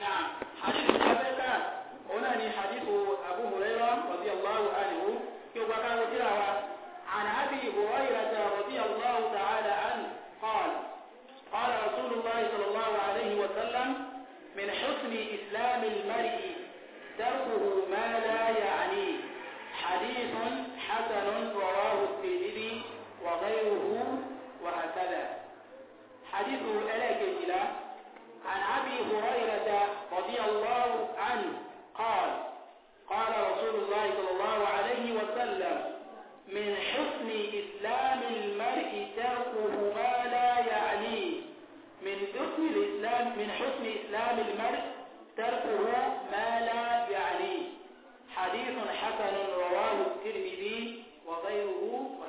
نعم حديث الحقيقة هنا حديث أبو هريرة رضي الله عنه كما يبقى وتراوى عن أبي هريرة رضي الله تعالى عنه قال قال رسول الله صلى الله عليه وسلم من حسن إسلام المرء تركه ما لا يعنيه حديث حسن رواه الترمذي وغيره وهكذا حديث الألاكجلة عن أبي هريرة رضي الله عنه قال قال رسول الله صلى الله عليه وسلم من حسن إسلام المرء تركه ما لا يعنيه من حسن الإسلام من حسن إسلام المرء تركه ما لا يعنيه حديث حسن رواه الترمذي وغيره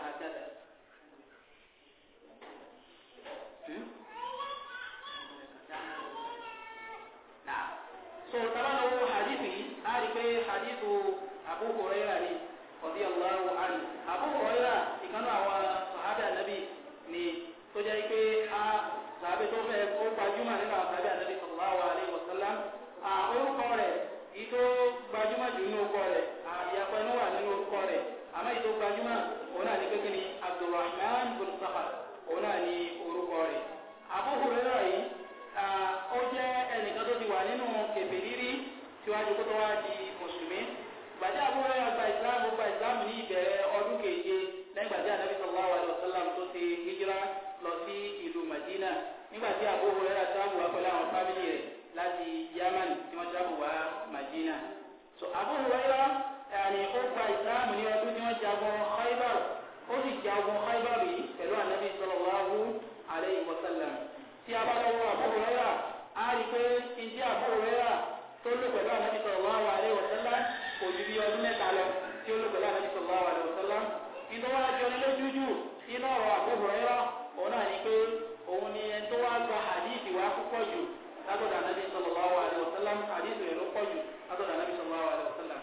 nígbà tí Abu Hurairah tábù wá pẹ̀lú àwọn fámìlì rẹ̀ láti Yamani tí wọ́n tábù wá Madina. so Abu Hurairah ẹ̀rì ó gba ìsìláàmù ní ọdún tí wọ́n jagun Khaybar ó sì jagun Khaybar yìí pẹ̀lú ànábì sallallahu alayhi wa sallam. tí a bá lọ́wọ́ Abu Hurairah á rí pé ìdí Abu Hurairah tó lò pẹ̀lú ànábì sallallahu alayhi wa sallam kò ju bí ọdún mẹ́ta lọ tí ó lò pẹ̀lú ànábì sallallahu alayhi wa sallam. ìdọ́wọ́ àjọ nílé jújù iná ọ̀rọ̀ Abu Hurairah òun náà ní pé onye ni ẹni tó wá gba hadith wá sallallahu alaihi wasallam hadith rẹ̀ ló pọ̀ jù anabi sallallahu alaihi wasallam.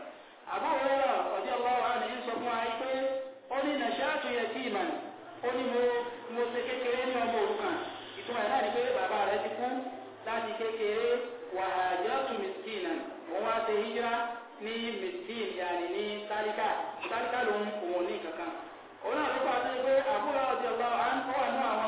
Abu Hurairah radiyallahu anhu ń sọ fún ayé pé ó ní ya yatiman ó onye mo mo ṣe kekere ní ọmọ òrukàn ìtumọ̀ ẹ̀ náà pé bàbá rẹ̀ ti kú láti wá hijira ní ní ló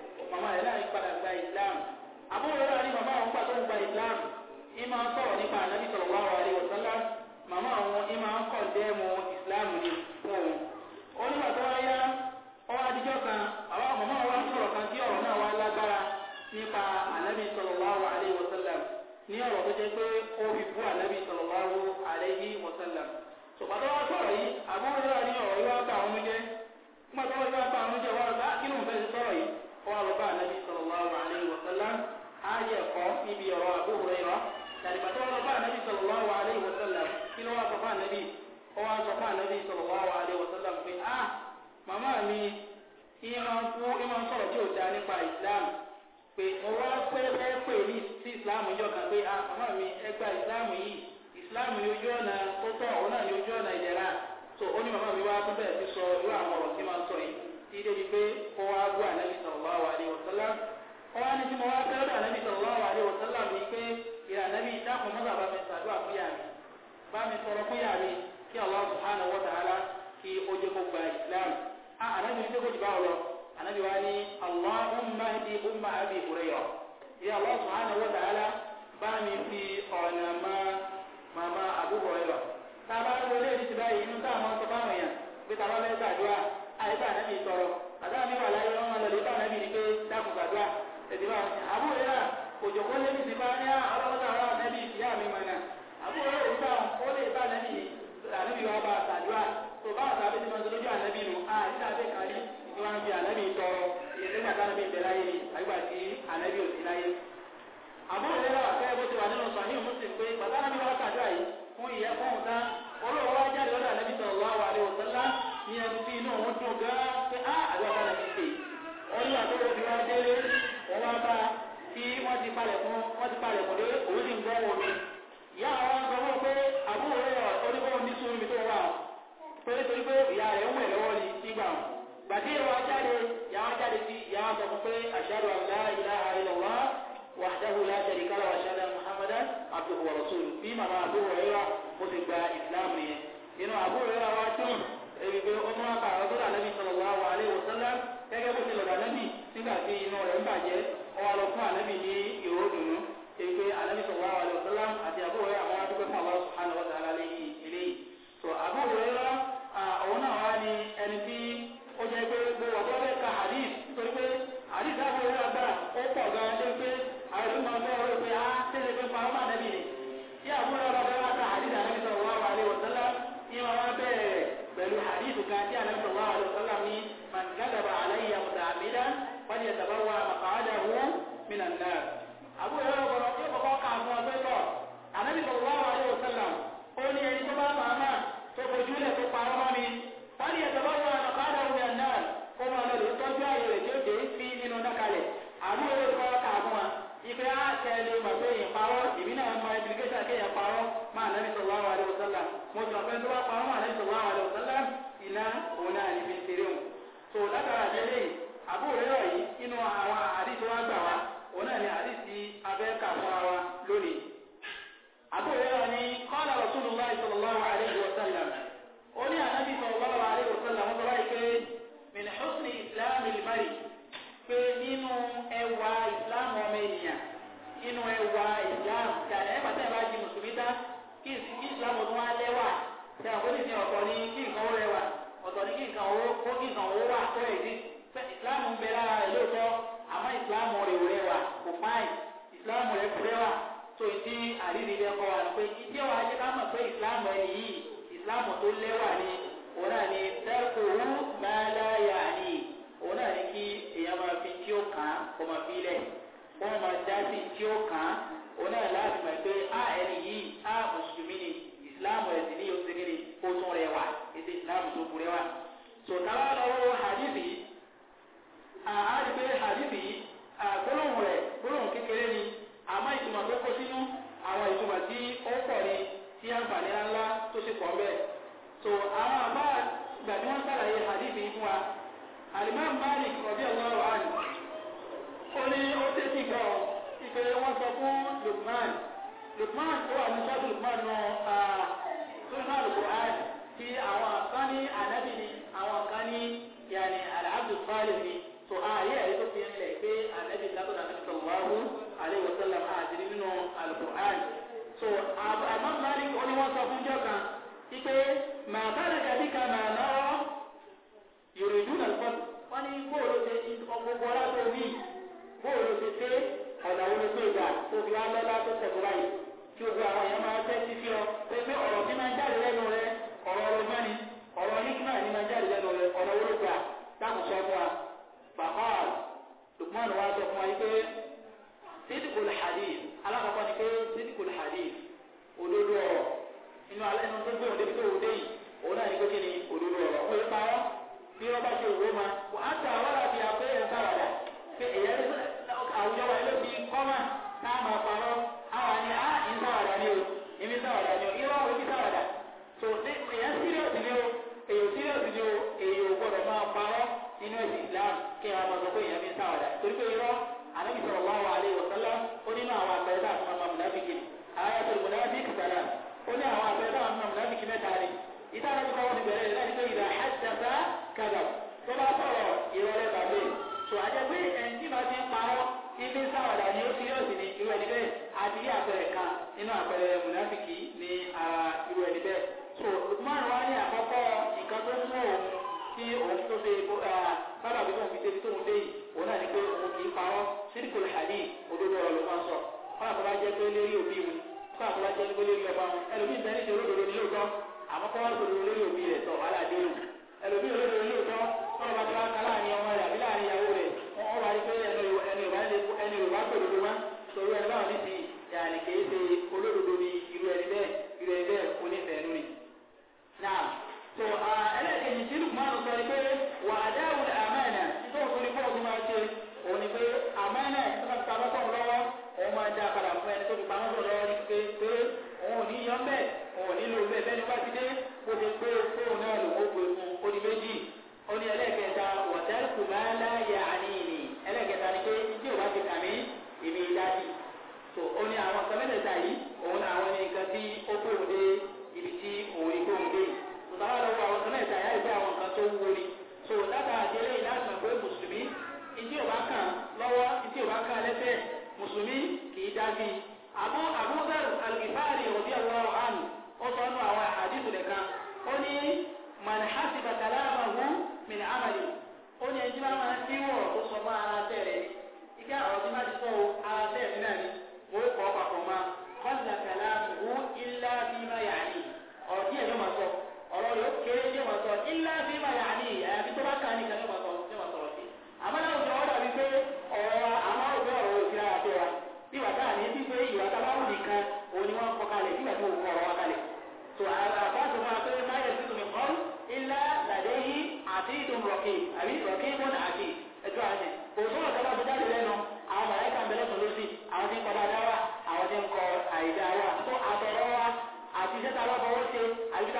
màmá rẹ̀ náà yí padà gba ìsìlámù àbúrò rẹ̀ náà ní màmá òun gbà tó gba ìsìlámù kú ẹ máa ń sọ̀rọ̀ tí nípa islam pé mo wá pé ẹ pè ní sí islam yọ kan pé a ah, mi islam yìí islam ni ojú ọ̀nà tó tọ̀ òun náà ni ojú ọ̀nà ìdẹ̀ra so ní mi wá tó bẹ̀rẹ̀ sí sọ irú àwọn ọ̀rọ̀ tí máa sọ yìí tí pé ó wá ànábì ó wá ní tí mo wá fẹ́ lọ́dọ̀ ànábì ni pé dákun mọ́tà bá mi anabi wa ni allahumma hdi umma abi hurayra ya allah subhanahu wa ta'ala bá mi fi ọ̀nà ma màmá ànábì ò sí láyé àbú ìlera wà fẹ́ bó ti wà nínú sàhíù Muslim pé bàtà náà bí wọ́n ṣàdúrà yìí fún ìyẹ́ fún ọ̀tá olóòwò wá jáde lọ́dọ̀ ànábì sallallahu alaihi wasallam ní ẹnu bí inú òun dùn gan-an pé á ah, àdúrà bá lọ sí pé olúwa tó lọ fi wá délé bí màmá àbúrò rẹ̀ rà ó ti gba ìsìlámù yẹn inú àbúrò rẹ̀ wá dùn èrìgbè ọmọ àbá ọdún àlẹ́bí sọ̀rọ̀ wá wà lé wòsánlá gẹ́gẹ́ bó ti lọ̀dà lẹ́bí nígbà tí inú rẹ̀ ń bàjẹ́ ọwọ́ lọ fún àlẹ́bí ní ìró dùnú èrìgbè àlẹ́bí sọ̀rọ̀ wá wà lé wòsánlá àti àbúrò rẹ̀ àwọn adúgbò fún àbá náà àbúrò yóò gbọ́dọ̀ الله kọ́kọ́ ká àwọn ọgbẹ́ tọ̀ الله sọ̀rọ̀ wá wà yóò sẹ́là ó ما ẹni tó bá màmá tó fojú lẹ̀ tó parọ́ mọ́ mi wọ́n ní ẹ̀sẹ̀ lọ́wọ́ àtọ̀kádà òun ẹ̀ náà kó máa lọ lè tọ́jú ààyè rẹ̀ tí ó dé sí nínú nákalẹ̀ àbúrò yóò kọ́kọ́ ká àwọn wa ife á tẹ̀lé màtó yẹn parọ́ ìbí náà mọ implication kéèyàn parọ́ máa ànábì sọ̀rọ̀ wá wà yóò sẹ́là mo sọ pé tó bá parọ́ máa ànábì sọ̀rọ̀ wá yóò sẹ́là iná òun náà ní fi ṣeré wọn. so látara jẹ́lẹ̀ àbúrò yóò yí inú àwọn àdìsí wa gbà wá òun náà ni àdìsí abẹ́ẹ̀kà fúnra wa lónìí. àbúrò yẹn ni kọ́lá rasulullahi sallallahu alayhi wa sallam ó ní ànábì sallallahu alayhi wa sallam wọ́n sọ́wọ́ ìpè min husni islam ilmari pé nínú ẹwà islam ọmọ ènìyàn nínú ẹwà islam kàlẹ́ pàtẹ́ bá di mùsùlùmí tá kí islam ọdún wa lẹ́wà ṣe àkóso ní ọ̀tọ̀ ní kí nǹkan ó rẹwà ọ̀tọ̀ ní kí nǹkan ó kó kí nǹkan ó wà tó ẹ̀ ní islam ń bẹ lára rẹ̀ lóòótọ́ àmọ́ islam rẹ̀ ò kò fáìn ìsìláàmù rẹ̀ fúrẹ́wà tó ìdí àrírí ilé ẹ̀kọ́ wa lọ pé ìdí ẹ̀wà ajé ká mọ̀ pé ìsìláàmù ẹni yìí ìsìláàmù tó lẹ́wà ni òun náà ni tẹ́kù rú máa láyà ni òun náà ni kí èèyàn máa fi tí ó kàn án kó máa fi lẹ̀ wọ́n máa dá sí tí ó kàn án òun náà láti mọ̀ pé á ẹni yìí á mùsùlùmí ni ìsìláàmù ẹ̀sìn ní oṣù kékeré ó tún rẹwà ètò ìsìláàmù tó burẹ́wà. sọ̀tàwá lọ́wọ́ hadithi àádìpé hadithi gbólóhùn rẹ̀ gbólóhùn kékeré ni àmọ́ ìtumọ̀ tó kó sínú àwọn ìtumọ̀ tí ó pọ̀ ni tí àǹfààní ńlá tó sì pọ̀ bẹ́ẹ̀ so àwọn àbá ìgbà tí wọ́n sàlàyé hadithi fún wa alimam Malik radiyallahu anhu ó ní ó ṣe sí gan ìpè wọ́n sọ fún lukman Luqman ó wà ní sọ́ọ̀tù Luqman náà sọ́nà Al-Qur'an tí àwọn kan ní ànábì ni àwọn kan ní yàní al so ààyè ẹ̀rí tó fi ń lẹ̀ pé ànábì látọ̀dọ̀ àti sọ̀wáwú alayhi wa sallam àdìrí nínú alukur'an so àmọ́ mari ó ní wọ́n sọ fún jọ́ kan wípé màá bá rẹ̀ dàbí ka màá náà yòròdú nà lọ́pọ̀ wọ́n ní bóòlù ṣe gbogbo ọlá tó wí bóòlù ṣe ṣe ọ̀nà wo ló gbé ìgbà tó fi wá lọ́lá tó tẹ̀ fúra yìí kí gbogbo àwọn èèyàn máa tẹ́ sí sí ọ pé pé ọ̀rọ̀ tí máa ń jáde lẹ́nu rẹ ọ̀rọ̀ ọlọ́gbọ́n ni ọ̀rọ̀ onígbà ni máa ń jáde lẹ́nu rẹ ọ̀rọ̀ wọlé gbà dákùn sọ fún wa bàbáà Lukman wa sọ fún wa yí pé sídìkùl hadith alákọ̀ọ́kọ́ ni pé sídìkùl hadith òdodo ọ̀rọ̀ inú alẹ́ inú tó gbóhùn débi tó wò dé yìí òun náà ní pé ni òdodo ọ̀rọ̀ wọ́n yóò parọ́ bí wọ́n bá ṣe òwe ma wọ́n á ta àwọn àbí àpé ẹ̀ sáwàdà pé èyẹ àwùjọ wa ló fi kọ́mà náà máa parọ́ àwọn àni á ń sáwàdà ni o ìmí sáwàdà ni o irọ́ òbí sáwàdà àbòsí tó ṣe bábà bí wọn fi débi tó ń dé yìí òun náà ni pé òun kì í parọ́ sídìkò lẹ́hàdì òdodo ọ̀rọ̀ ló máa sọ fún àtọ́lá jẹ́ pé lérí òbí mi fún àtọ́lá jẹ́ pé lérí ọba wọn ẹlòmíì ń tẹ́lẹ̀ ṣe olódodo ní lóòótọ́ àmọ́ kọ́ wọn lòdò lórí òbí rẹ̀ sọ wàhálà dé òun ẹlòmíì olódodo ní lóòótọ́ fún ọba tó bá ká láàrin ọmọ rẹ̀ àbí láàrin ìyàwó rẹ̀ wọ́n wá rí pé ẹnu ìwà gbòdodo wá torí ẹni báwọn níbi yàrá kèé ṣe olódodo ní irú ẹni bẹ́ẹ̀ irú ẹni bẹ́ẹ̀ onífẹ̀ẹ́ nù ni. náà so uh, ẹlẹ́kẹ̀yìn tí lùkùmánù sọ ni pé wà á dáhùn àmánà tó ń fún ní bọ́ọ̀lù máa ṣe òun ni pé àmánà tó bá ta lọ́kàn lọ́wọ́ òun máa dá padà fún ẹni tó ti pamọ́ sọ lọ́wọ́ ni pé pé òun ò ní yan bẹ́ẹ̀ òun ò nílò bẹ́ẹ̀ bẹ́ẹ̀ ni wá ti dé bó ti gbé fóònù náà lòun ó gbé fún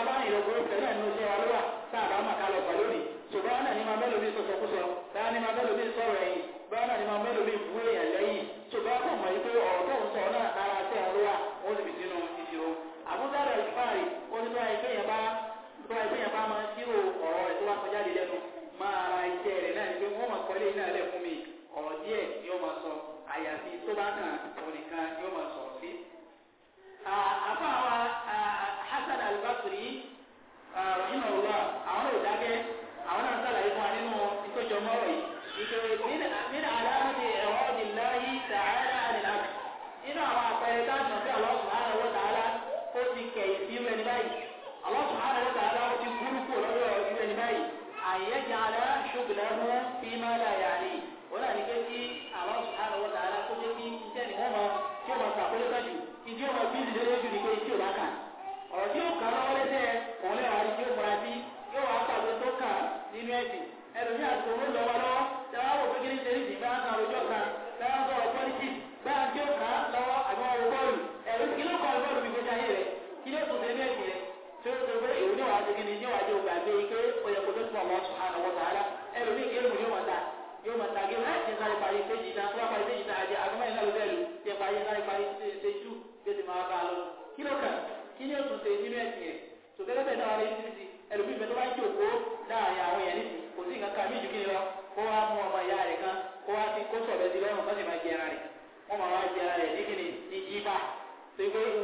bá ní ìrògbò ìfẹ́ náà ní oṣù àríwá tá a bá mà kalẹ̀ pẹ̀lú ni ṣùgbọ́n náà ni máa mẹ́lò bí sọ̀sọ̀ kú sọ báyà ni máa mẹ́lò bí sọ̀rọ̀ ẹ̀yìn báyà náà ni máa mẹ́lò bí bú èèyàn lẹ́yìn ṣùgbọ́n kò mọ̀ wípé ọ̀rọ̀ tó ń sọ náà ara tẹ́ àríwá ó sì fi sínú ìṣirò àbúdá rẹ̀ fáàrí ó ní bá ẹgbẹ́ yẹn bá bá ẹgbẹ́ yẹn bá máa ṣírò ọ̀rọ̀ rẹ̀ tó bá kọjá lé lẹ́nu máa ara iṣẹ́ rẹ̀ náà ni pé wọ́n máa kọ́lé náà fún mi ọ̀rọ̀ ni ó máa sọ àyàfi tó bá kàn òun ni ó máa sọ̀rọ̀ sí. àbá al-Basri rahimahu Allah àwọn ò dákẹ́ àwọn náà sàlàyé fún wa nínú ìtọ́jọ mọ́rọ̀ yìí ìṣòro nínú àdáhùn ẹ̀rọ ọ̀dìláyì tààrà àdìláàbì nínú àwọn àpẹẹrẹ táàmù sí Allah subhanahu wa ta'ala ó ti kẹ̀ ìfìrú ẹni báyìí Allah subhanahu wa ó ti gúrúkú lọ́dọ̀ ìfìrú ẹni báyìí àyẹ̀jẹ̀ alẹ́ ṣùgbọ́n fi máa dà yàrá wọ́n náà ní pé kí Allah subhanahu wa kó jẹ́ kí iṣẹ́ ni wọ́n mọ tí ó mọ sàkólé ìdí ó bí ìdílé lójú ni pé tí ò bá kà á ọ̀rọ̀ tí yóò kàn lọ́wọ́ lẹ́sẹ̀ òun lẹ́wà ní tí ó múra sí yóò wá pàṣẹ tó kàn nínú ẹ̀sìn ẹlòmí àti òun lọ́wọ́ lọ́wọ́ tẹ́wọ́ wò kékeré ṣe ní ìgbà kan lójọ́ kan tẹ́wọ́ sọ̀rọ̀ pọ́lísì báyà tí ó kàn lọ́wọ́ àbí wọn wo bọ́ọ̀lù ẹ̀rù kí ló kọ́ bọ́ọ̀lù gbígbé sáyé rẹ̀ kí ló tún fẹ́ bẹ́ẹ̀ rẹ̀ tó tó pé èyí ní wàá segin ní wàá jẹ́ ògbà gbé ike ó yẹ kó tó tún ọmọ sùn àwọn ọmọ sàárà ẹlòmí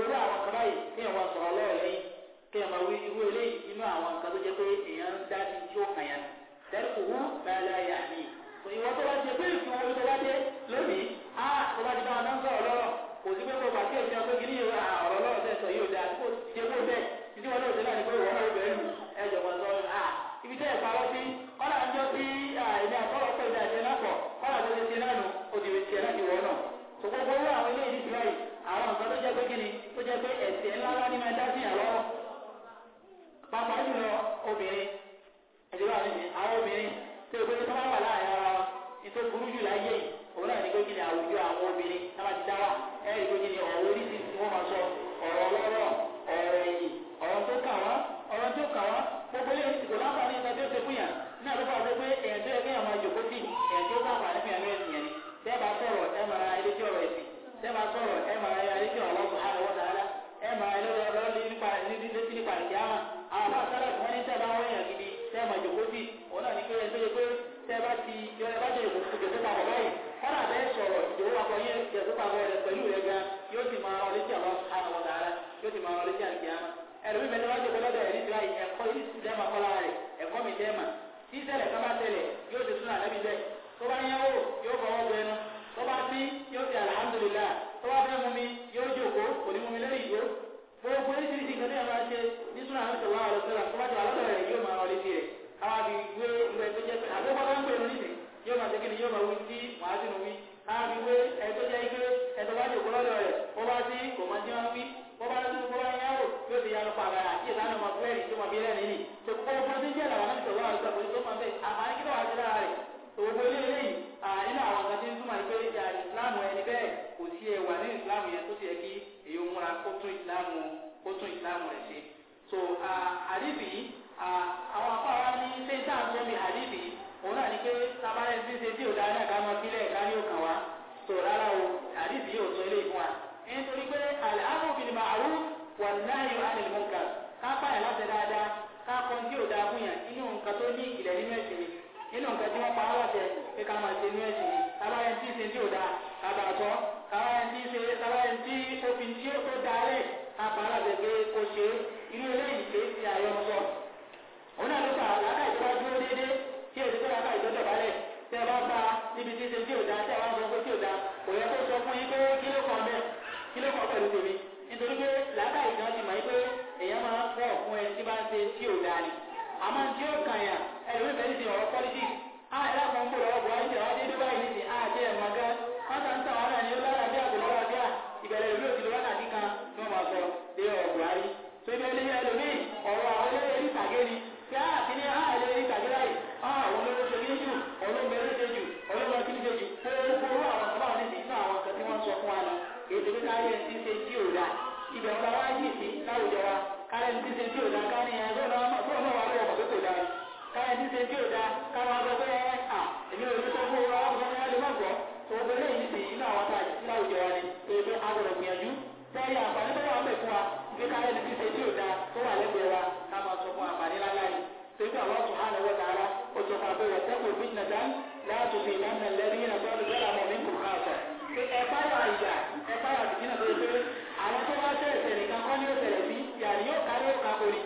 irú àwọn kan báyìí kí ẹ̀ wá sọ̀rọ̀ lọ́ọ̀ lẹ́yìn kí ẹ̀ máa wí irú eléyìí inú àwọn nǹkan tó jẹ́ pé èèyàn ń dá sí tí ó kàn yàn tẹ́lẹ̀ kò wú bẹ́ẹ̀ yà mí. ìwọ tó bá ti pé ìfún omi tó bá dé lónìí á tó bá ti bá wọn sọ̀rọ̀ lọ́rọ̀ kò sí pé kó bá tiẹ̀ jẹun pé kí ní ọ̀rọ̀ lọ́rọ̀ ẹ̀kọ́ yìí sì dẹ́mà kọ́lá rẹ̀ ẹ̀kọ́ mi dẹ́mà tí ṣẹlẹ̀ ká bá ṣẹlẹ̀ yóò ṣe súnà lẹ́bi bẹ́ẹ̀ tó bá yáwó yóò fọwọ́ bọ ẹnu tó bá sí yóò ṣe alhamdulillah tó bá fẹ́ mú mi yóò jòkó kò ní mú mi lẹ́yìn ìgbó gbogbo oríṣiríṣi nǹkan tí a máa ṣe ní súnà àlùsọ̀ wa àlùsọ̀ rà tó bá jọ àlọ́ rẹ̀ yóò máa rọ létí rẹ̀ káwá fi wé ìwé tó jẹ́ pé àgbẹ̀kọ́ bá ń pè lẹ́rìí tó máa bí lẹ́rìí yìí tó kó gbogbo tó jẹ́ làwọn náà tẹ̀wọ́ àrùn sọ̀kùnrin tó máa bẹ̀ àmọ́ ní kíkọ́ àti lára rẹ̀ tó gbogbo eléyìí nínú àwọn kan tí ń túmọ̀ pé ìjà ìsìláàmù ẹni bẹ́ẹ̀ kò sí ẹwà ní ìsìláàmù yẹn tó ti yẹ kí èyí múra kó tún ìsìláàmù kó tún ìsìláàmù rẹ̀ ṣe. so àríbì àwọn afọ àwa ní ṣé tá à ń tóbi àríbì òun náà ni pé tabalẹ̀ ti ṣe tí ò dáa náà ká mọ sílẹ̀ ká ní òkàn wá so rárá o àríbì yóò tún eléyìí fún wa nítorí pé àlẹ́ àmọ́ òfin ni ká pààyàn láti dáadáa ká kọ́ tí ò dáa fún yàn inú nǹkan tó ní ìjìnlẹ̀ nínú ẹ̀sìn ni inú nǹkan tí wọ́n pa á láṣẹ pé ká máa ṣe nínú ẹ̀sìn ni tábàáyẹn tí ń ṣe tí ò dáa kábà sọ tábàáyẹn tí ń ṣe tábàáyẹn tí ó fi tí ó dáa lẹ̀ ká pa á láṣẹ pé kó ṣe inú eléyìí pé ti àyọ̀n sọ. òun náà ló fà láká ìjọba dúró déédéé tí èdè tó láká ìjọba balẹ̀ tẹ́ ẹ bá gba níbi tí ń ṣe tí ò dáa tẹ́ ẹ bá sọ pé tí ò dáa kò yẹ kó sọ fún yín pé kí ló kàn bẹ́ẹ̀ kí ló kàn pẹ̀lú tèmi nítorí pé làákàyè náà ti mọ̀ yín pé èèyàn máa ń pọ̀ fún ẹni tí bá ń ṣe tí ò dáa ni àmọ́ tí ó kàn yàn ẹlòmíì fẹ́ẹ́ ti ọ̀rọ̀ pọ́lítì á ẹ̀dá kan kó الله سبحانه وتعالى وتقابل واتقوا فتنة لا تصيبن الذين ظلموا منكم خاصة ẹ̀fáyà ìjà ẹ̀fáyà ìdínà tó ṣe àwọn tó bá ṣẹ̀ṣẹ̀ nìkan kọ́ ní ó sí yàrá yóò kárí ó kakori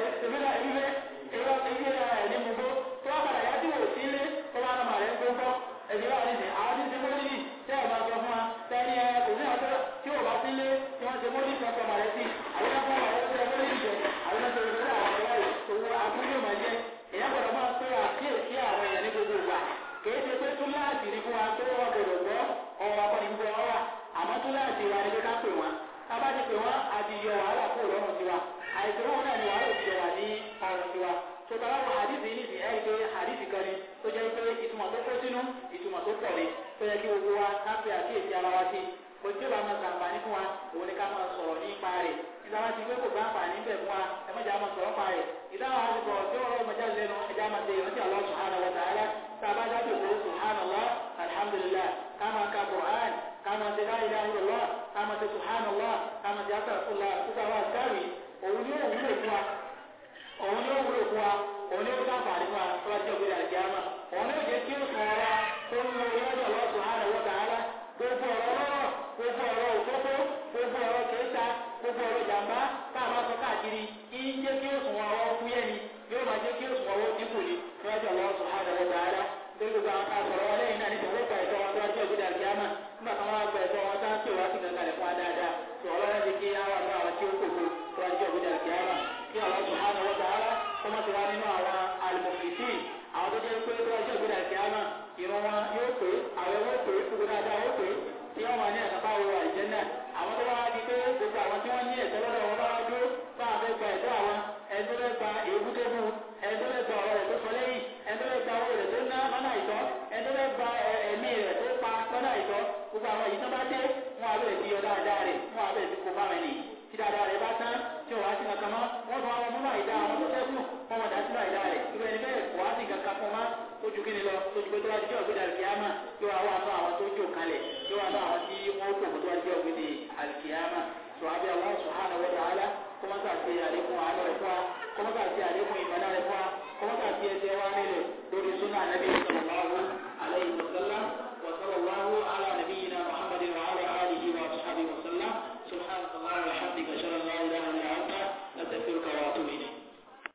تستمر قريبة ọrùn tiwa àìsàn náà náà ni wàhálà òfin wà ní ọrùn tiwa tó bá wà hadith yìí nìsín ẹ̀rí pé hadith kan ni tó jẹ́ pé ìtumọ̀ tó kó sínú ìtumọ̀ tó pọ̀ ni tó yẹ kí gbogbo wa ká pe àkíyèsí ara wa sí ojú ìwà máa sàǹfààní fún wa òun ni ká máa sọ̀rọ̀ nípa rẹ̀ ìlànà ti gbé kò bá àǹfààní bẹ̀ fún wa ẹ mọ̀jà máa sọ̀rọ̀ pa rẹ̀ ìlànà àti bọ̀ tí wọ́n mọ̀jà lẹ́nu ẹja máa ṣe ìrántí Allah subhanahu wa ta'ala tá a bá dábìlì subhanallah alhamdulillah ká máa ka Qur'an àmà ṣe láì láì lọ́wọ́ àmà ṣe subhanallah àmà ṣe àtàkùnlá àtúntà wa sáàrì òun ni ó wúlò fún wa òun ni ó wúlò fún wa òun ni ó sáfà nínú àtúntà ìgbéra àti àmà òun ni ó jẹ́ kí ó sọ ọ́ra tó ń lo ìwádìí ọ̀lọ́ subhanahu wa ta'ala gbogbo ọ̀rọ̀ lọ́wọ́ gbogbo ọ̀rọ̀ òfófó gbogbo ọ̀rọ̀ kẹta gbogbo ọ̀rọ̀ jàmbá táà wọn yóò pé àwọn yóò pé gbogbo dáadáa yóò pé tí wọ́n wà ní àtàkà owó àìjẹ́ náà àwọn tó bá wá di pé gbogbo àwọn tí wọ́n ní ẹ̀tọ́ lọ́dọ̀ wọn bá wá dúró fáwọn fẹ́ gba ẹ̀tọ́ àwọn ẹ̀tọ́ lẹ́ gba èébú tébú ẹ̀tọ́ lẹ́ gba ọ̀rọ̀ rẹ̀ tó sọ lẹ́yìn ẹ̀tọ́ lẹ́ gba owó rẹ̀ tó ná lọ́nà àìtọ́ ẹ̀tọ́ lẹ́ gba ẹ̀mí rẹ̀ tó pa lọ́nà àìtọ́ gbogbo àwọn yìí tán bá dé wọn àbẹ̀ ti yọ dáadáa rẹ̀ wọn àbẹ̀ ti kó bá mi ojú kí ni lọ ojú pé tó bá ti jẹ́ ọ̀gbẹ́dẹ àlùkìyàmà yóò wá wà fún àwọn tó jò kalẹ̀ yóò wá fún àwọn tí wọ́n kò tó bá jẹ́ ọ̀gbẹ́dẹ àlùkìyàmà tó wá bí Allah subhanahu wa ta'ala kọ́mọ́tà ti àlékún àánú rẹ̀ wa kọ́mọ́tà ti àlékún ìmọ̀lá rẹ̀ wa kọ́mọ́tà ti ẹsẹ̀ wa nílẹ̀ lórí sunnah Nabi sallallahu alaihi wa sallam